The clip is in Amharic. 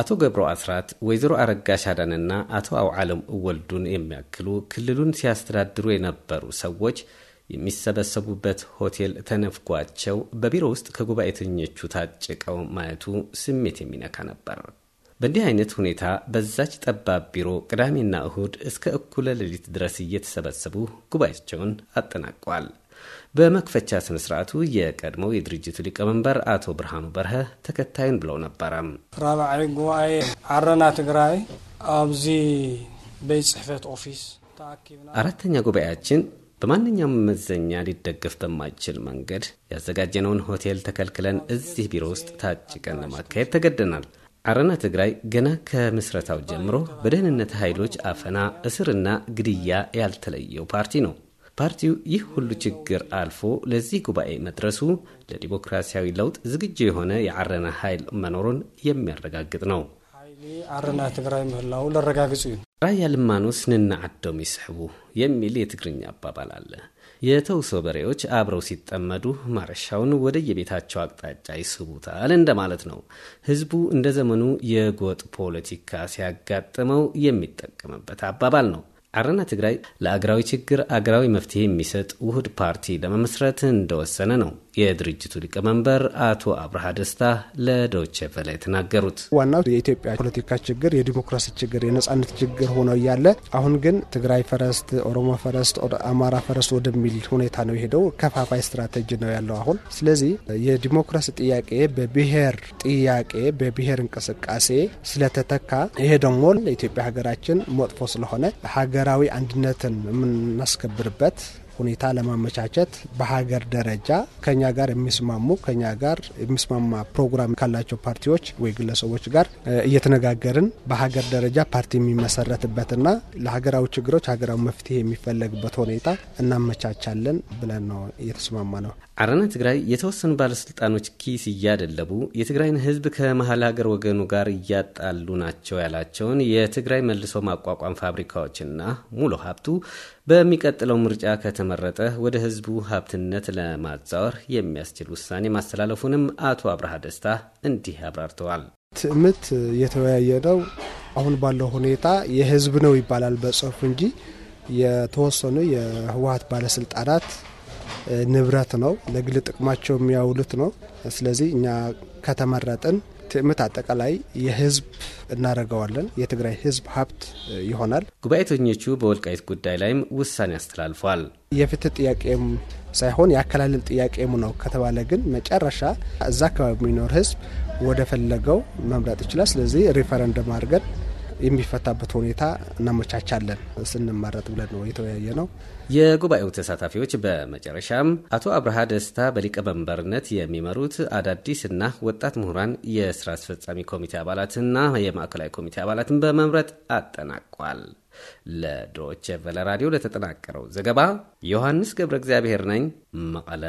አቶ ገብሮ አስራት ወይዘሮ አረጋሽ አዳንና አቶ አውዓለም እወልዱን የሚያክሉ ክልሉን ሲያስተዳድሩ የነበሩ ሰዎች የሚሰበሰቡበት ሆቴል ተነፍጓቸው በቢሮ ውስጥ ከጉባኤተኞቹ ታጭቀው ማየቱ ስሜት የሚነካ ነበር። በእንዲህ አይነት ሁኔታ በዛች ጠባብ ቢሮ ቅዳሜና እሁድ እስከ እኩለ ሌሊት ድረስ እየተሰበሰቡ ጉባኤያቸውን አጠናቋል። በመክፈቻ ስነ ስርዓቱ የቀድሞው የድርጅቱ ሊቀመንበር አቶ ብርሃኑ በርሀ ተከታዩን ብለው ነበረ። ራብዓይ ጉባኤ ዓረና ትግራይ ኣብዚ ቤት ጽሕፈት ኦፊስ አራተኛ ጉባኤያችን በማንኛውም መመዘኛ ሊደገፍ በማይችል መንገድ ያዘጋጀነውን ሆቴል ተከልክለን እዚህ ቢሮ ውስጥ ታጭቀን ለማካሄድ ተገደናል። አረና ትግራይ ገና ከምስረታው ጀምሮ በደህንነት ኃይሎች አፈና፣ እስርና ግድያ ያልተለየው ፓርቲ ነው። ፓርቲው ይህ ሁሉ ችግር አልፎ ለዚህ ጉባኤ መድረሱ ለዲሞክራሲያዊ ለውጥ ዝግጁ የሆነ የአረና ኃይል መኖሩን የሚያረጋግጥ ነው። አረና ትግራይ ምህላው ለረጋግጹ እዩ ራያ ልማኖስ ንናዓዶም ይስሕቡ የሚል የትግርኛ አባባል አለ። የተውሶ በሬዎች አብረው ሲጠመዱ ማረሻውን ወደየቤታቸው አቅጣጫ ይስቡታል እንደማለት ነው። ህዝቡ እንደ ዘመኑ የጎጥ ፖለቲካ ሲያጋጥመው የሚጠቀምበት አባባል ነው። አረና ትግራይ ለአገራዊ ችግር አገራዊ መፍትሄ የሚሰጥ ውህድ ፓርቲ ለመመስረት እንደወሰነ ነው የድርጅቱ ሊቀመንበር አቶ አብርሃ ደስታ ለዶቼ ቬለ የተናገሩት። ዋናው የኢትዮጵያ ፖለቲካ ችግር የዲሞክራሲ ችግር፣ የነጻነት ችግር ሆኖ እያለ አሁን ግን ትግራይ ፈረስት፣ ኦሮሞ ፈረስት፣ አማራ ፈረስት ወደሚል ሁኔታ ነው የሄደው። ከፋፋይ ስትራቴጂ ነው ያለው አሁን። ስለዚህ የዲሞክራሲ ጥያቄ በብሔር ጥያቄ በብሔር እንቅስቃሴ ስለተተካ ይሄ ደግሞ ለኢትዮጵያ ሀገራችን መጥፎ ስለሆነ ሀገር ሀገራዊ አንድነትን የምናስከብርበት ሁኔታ ለማመቻቸት በሀገር ደረጃ ከኛ ጋር የሚስማሙ ከኛ ጋር የሚስማማ ፕሮግራም ካላቸው ፓርቲዎች ወይ ግለሰቦች ጋር እየተነጋገርን በሀገር ደረጃ ፓርቲ የሚመሰረትበትና ለሀገራዊ ችግሮች ሀገራዊ መፍትሄ የሚፈለግበት ሁኔታ እናመቻቻለን ብለን ነው እየተስማማ ነው። አረና ትግራይ የተወሰኑ ባለስልጣኖች ኪስ እያደለቡ የትግራይን ሕዝብ ከመሀል ሀገር ወገኑ ጋር እያጣሉ ናቸው ያላቸውን የትግራይ መልሶ ማቋቋም ፋብሪካዎችና ሙሉ ሀብቱ በሚቀጥለው ምርጫ ከተመረጠ ወደ ህዝቡ ሀብትነት ለማዛወር የሚያስችል ውሳኔ ማስተላለፉንም አቶ አብርሃ ደስታ እንዲህ አብራርተዋል። ትዕምት የተወያየ ነው። አሁን ባለው ሁኔታ የህዝብ ነው ይባላል በጽሁፍ እንጂ የተወሰኑ የህወሀት ባለስልጣናት ንብረት ነው፣ ለግል ጥቅማቸው የሚያውሉት ነው። ስለዚህ እኛ ከተመረጥን ትዕምት አጠቃላይ የህዝብ እናደርገዋለን የትግራይ ህዝብ ሀብት ይሆናል። ጉባኤተኞቹ በወልቃይት ጉዳይ ላይም ውሳኔ አስተላልፏል። የፍትህ ጥያቄም ሳይሆን የአከላለል ጥያቄም ነው ከተባለ ግን መጨረሻ እዛ አካባቢ የሚኖር ህዝብ ወደ ፈለገው መምረጥ ይችላል። ስለዚህ ሪፈረንደም አድርገን የሚፈታበት ሁኔታ እናመቻቻለን ስንመረጥ ብለን ነው የተወያየ ነው። የጉባኤው ተሳታፊዎች በመጨረሻም አቶ አብርሃ ደስታ በሊቀመንበርነት የሚመሩት አዳዲስና ወጣት ምሁራን የስራ አስፈጻሚ ኮሚቴ አባላትና የማዕከላዊ ኮሚቴ አባላትን በመምረጥ አጠናቋል። ለዶይቼ ራዲዮ ለተጠናቀረው ዘገባ ዮሐንስ ገብረ እግዚአብሔር ነኝ መቀለ።